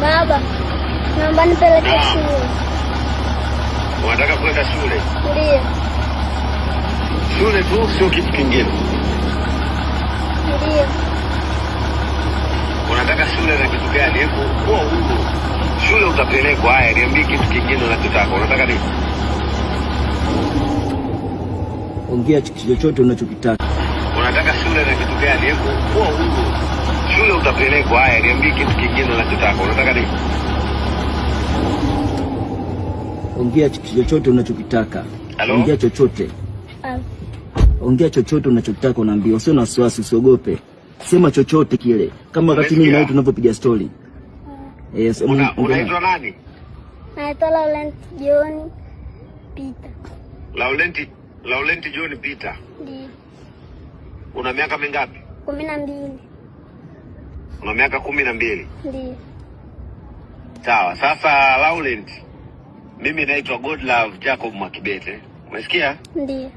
Baba, naomba nipeleke shule. Unataka kwenda shule? Ndiyo. Shule tu, sio kitu kingine? Ndiyo. Unataka shule na kitu gani? Hebu kuwa huru, shule utapelekwa. Haya, niambie kitu kingine unachotaka. Unataka nini? Ongea chochote unachokitaka. Unataka shule na kitu gani? Hebu kuwa huru utapelekwa. Haya, niambie kitu kingine unachotaka, unataka nini? Ongea chochote unachokitaka. Ongea chochote, ah. ongea chochote unachotaka, unaambia, usio na wasiwasi, usiogope, sema chochote kile, kama wakati mimi na wewe tunavyopiga story. Ah. Yes, mm, unaitwa nani? Naitwa Laurent John Peter. Laurent Laurent John Peter. Ndiyo. Una miaka mingapi? kumi Una miaka kumi na mbili? Sawa. Sasa Laurent, mimi naitwa Godlove Jacob Mwakibete, umesikia? Ndiyo.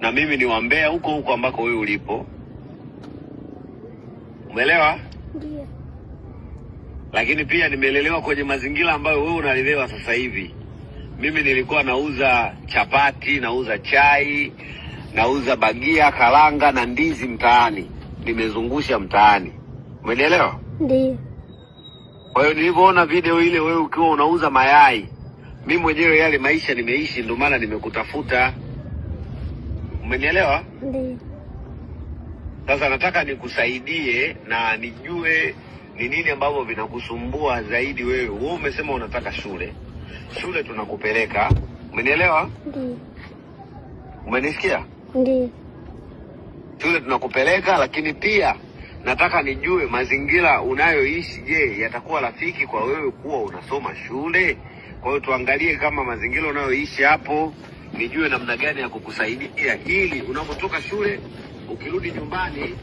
Na mimi ni wa Mbeya huko huko ambako wewe ulipo, umeelewa? Ndiyo. Lakini pia nimelelewa kwenye mazingira ambayo wewe unalelewa sasa hivi. Mimi nilikuwa nauza chapati, nauza chai, nauza bagia, karanga na ndizi mtaani nimezungusha mtaani, umenielewa? Ndio. Kwa hiyo nilivyoona video ile, wewe ukiwa unauza mayai, mi mwenyewe yale maisha nimeishi, ndio maana nimekutafuta, umenielewa? Ndio. Sasa nataka nikusaidie na nijue ni nini ambavyo vinakusumbua zaidi wewe. Wewe umesema unataka shule, shule tunakupeleka, umenielewa? Ndio. Umenisikia? Ndio shule tunakupeleka, lakini pia nataka nijue mazingira unayoishi, je, yatakuwa rafiki kwa wewe kuwa unasoma shule? Kwa hiyo tuangalie kama mazingira unayoishi hapo, nijue namna gani ya kukusaidia ili unapotoka shule ukirudi nyumbani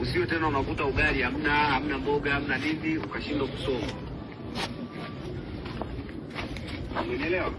usiwe tena unakuta ugali hamna, hamna mboga, hamna nini, ukashindwa kusoma. Umeelewa?